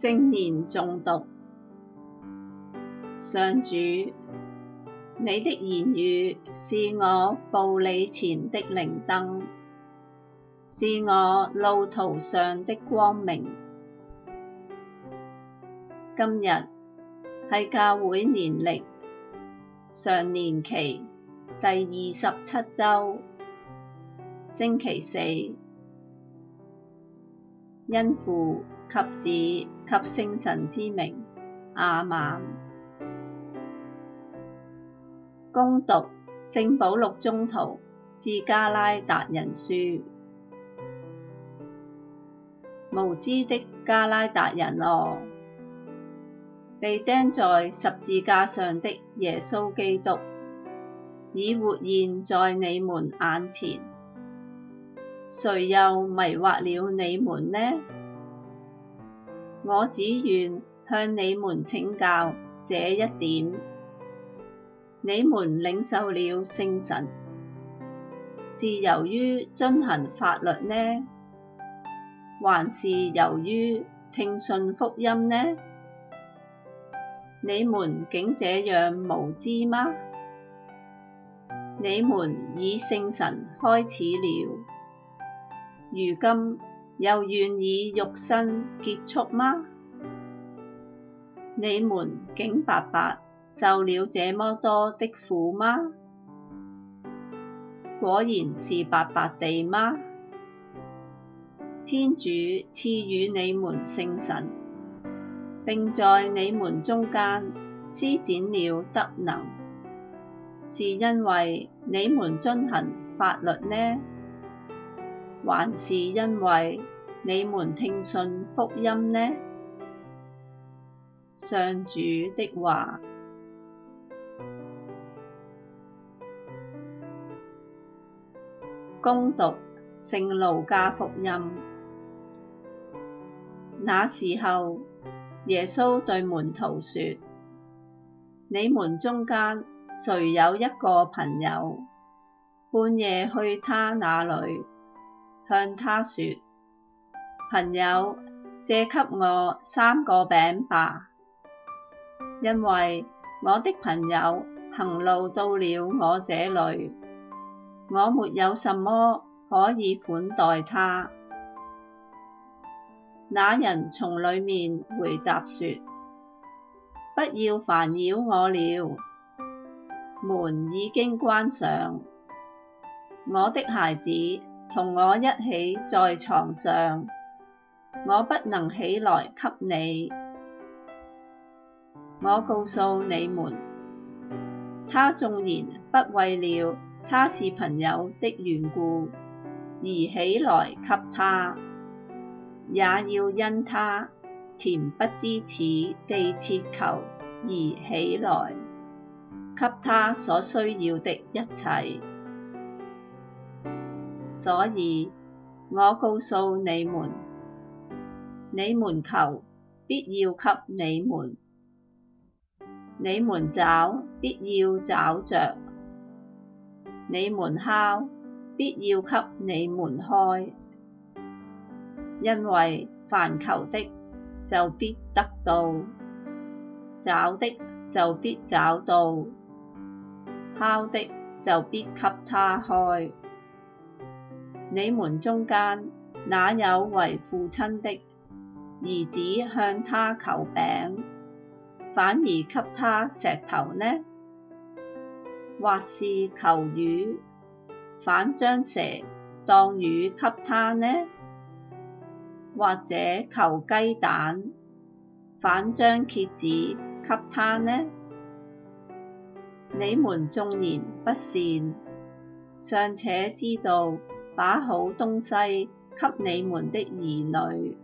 聖言誦讀，上主，你的言語是我步履前的靈燈，是我路途上的光明。今日係教會年曆常年期第二十七周，星期四，因父。及子，及聖神之名，阿曼。恭讀聖保祿宗徒致《迦拉達人書》。無知的迦拉達人哦、啊，被釘在十字架上的耶穌基督，已活現在你們眼前。誰又迷惑了你們呢？我只願向你們請教這一點：你們領受了聖神，是由於遵行法律呢？還是由於聽信福音呢？你們竟這樣無知嗎？你們以聖神開始了，如今。又願以肉身結束嗎？你們竟白白受了這麼多的苦嗎？果然是白白地嗎？天主賜與你們聖神，並在你們中間施展了德能，是因為你們遵行法律呢？還是因為你們聽信福音呢？上主的話，恭讀《聖路加福音》。那時候，耶穌對門徒說：你們中間誰有一個朋友，半夜去他那裏，向他說：朋友，借給我三個餅吧，因為我的朋友行路到了我這裏，我沒有什麼可以款待他。那人從裏面回答說：不要煩擾我了，門已經關上，我的孩子。同我一起在床上，我不能起來給你。我告訴你們，他縱然不為了他是朋友的緣故而起來給他，也要因他恬不知恥地切求而起來給他所需要的一切。所以我告訴你們，你們求必要給你們，你們找必要找着，你們敲必要給你們開，因為凡求的就必得到，找的就必找到，敲的就必給他開。你們中間哪有為父親的，兒子向他求餅，反而給他石頭呢？或是求魚，反將蛇當魚給他呢？或者求雞蛋，反將蠍子給他呢？你們縱然不善，尚且知道。把好東西給你們的兒女，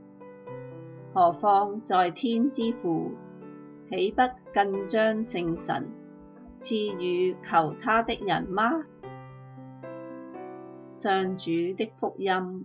何況在天之父，豈不更將聖神，賜予求他的人嗎？上主的福音。